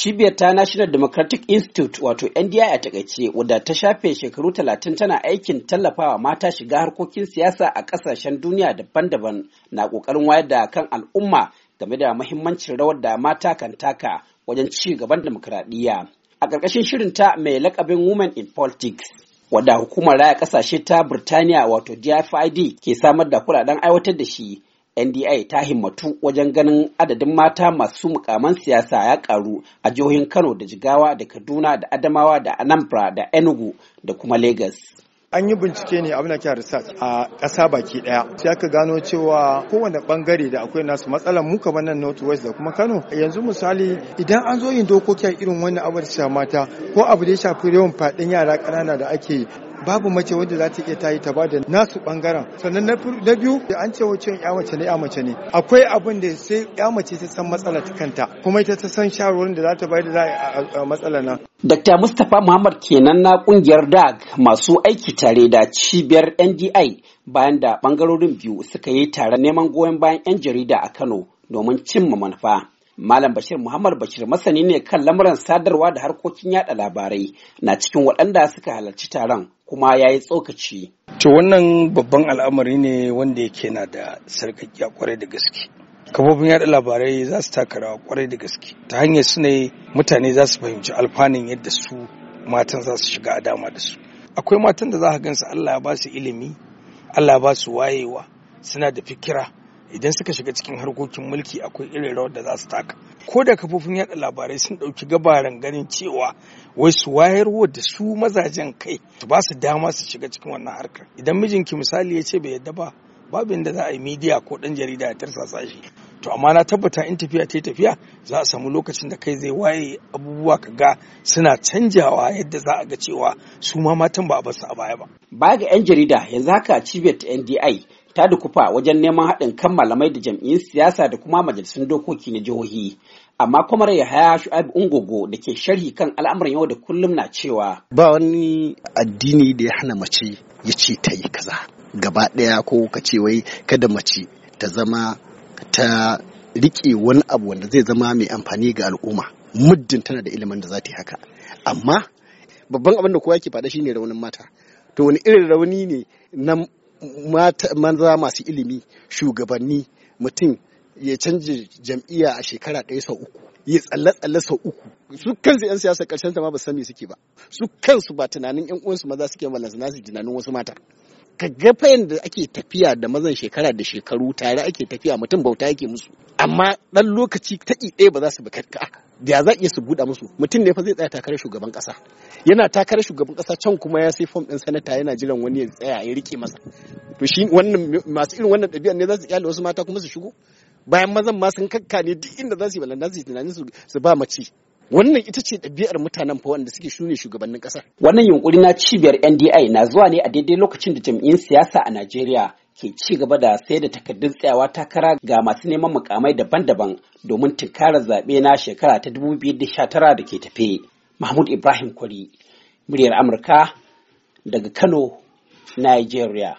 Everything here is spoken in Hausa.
Cibiyar ta National Democratic Institute wato NDI a takaice wadda ta shafe shekaru talatin tana aikin tallafawa mata shiga harkokin siyasa a ƙasashen duniya daban-daban na ƙoƙarin wayar da kan al'umma game da mahimmancin rawar da mata kan taka wajen ci gaban demokradiyya A ƙarƙashin shirin ta mai lakabin Women in Politics, wadda hukumar raya kasashe ta Birtaniya wato DFID ke samar da kuɗaɗen aiwatar da shi NDI ta himmatu wajen ganin adadin mata masu mukaman siyasa ya karu a jihohin Kano da Jigawa da Kaduna da Adamawa da Anambra da Enugu da kuma Lagos. an yi bincike ne abin da ke research a ƙasa baki ɗaya sai aka gano cewa kowane bangare da akwai nasu matsalar mu kamar nan north west da kuma kano yanzu misali idan an zo yin dokoki a irin wannan abin da mata ko abu da ya shafi yawan faɗin yara ƙanana da ake babu mace wadda za ta iya tayi ta da nasu bangaren sannan na biyu da an ce wacce ya mace ne ya mace ne akwai abin da sai ya mace ta san matsalar ta kanta kuma ita ta san shawarwarin da za ta bayar da za a matsalar nan Dr. Mustapha Muhammad kenan na kungiyar DAG masu aiki tare da cibiyar NDI bayan da bangarorin biyu suka yi tare neman goyon bayan 'yan jarida a Kano domin cimma manufa. Malam Bashir Muhammad Bashir masani ne kan lamuran sadarwa da harkokin yada labarai na cikin waɗanda suka halarci taron kuma ya yi tsokaci. To wannan babban al'amari ne wanda yake na da a kwarai da gaske. Kafofin yada labarai za su taka rawa kwarai da gaske ta hanyar su ne mutane za su fahimci alfanun yadda su matan za su shiga a dama da su. Akwai matan da za ka gansu Allah ya ba su ilimi, Allah ya ba su wayewa, suna da fikira, idan suka shiga cikin harkokin mulki akwai irin rawar da za su taka ko da kafofin yada labarai sun ɗauki gabaran ganin cewa wai su wayarwa da su mazajen kai su ba su dama su shiga cikin wannan harkar idan mijinki misali ya ce bai yadda ba babu inda za a yi midiya ko ɗan jarida ya tarsasa shi to amma na tabbata in tafiya ta yi tafiya za a samu lokacin da kai zai waye abubuwa ka ga suna canjawa yadda za a ga cewa su ma matan ba a basu a baya ba. Baya ga 'yan jarida yanzu haka cibiyar ta NDI ta dukufa wajen neman haɗin kan malamai da jam'iyyun siyasa da kuma majalisun dokoki na jihohi amma kwamar yahaya shu'aib ungogo da ke sharhi kan al'amuran yau da kullum na cewa ba wani addini da ya hana mace ya ce ta yi kaza gaba ɗaya ko ka ce wai kada mace ta zama ta riƙe wani abu wanda zai zama mai amfani ga al'umma muddin tana da ilimin da za ta yi haka amma babban abin da kowa ke faɗa shine raunin mata to wani irin rauni ne na manza masu ilimi shugabanni mutum ya canji jam'iyya a shekara ɗaya sau uku ya tsalle-tsalle sau uku su kansu 'yan siyasa ƙarshen ta ma ba su me suke ba su kansu ba tunanin 'yan uwansu maza suke ballansu na su tunanin wasu mata ka ga da ake tafiya da mazan shekara da shekaru tare ake tafiya mutum bauta yake musu amma ɗan lokaci ta ɗaya ba za su bi da za iya su buɗa musu mutum ne fa zai tsaya takarar shugaban ƙasa yana takarar shugaban ƙasa can kuma ya sai fom ɗin sanata yana jiran wani ya tsaya ya rike masa to shi wannan masu irin wannan ɗabi'ar ne za su kyale wasu mata kuma su shigo bayan mazan ma sun kakka ne duk inda za su yi balanda su yi tunanin su ba mace wannan ita ce ɗabi'ar mutanen fa wanda suke shune shugabannin ƙasar. Wannan yunkuri na cibiyar NDI na zuwa ne a daidai lokacin da jam'iyyar siyasa a Najeriya ke ci gaba da sai da takardun tsayawa takara ga masu neman mukamai daban-daban domin tunkarar zaɓe na shekara ta 2019 da ke tafe. Mahmud Ibrahim Kwari, muryar Amurka daga Kano, Nigeria.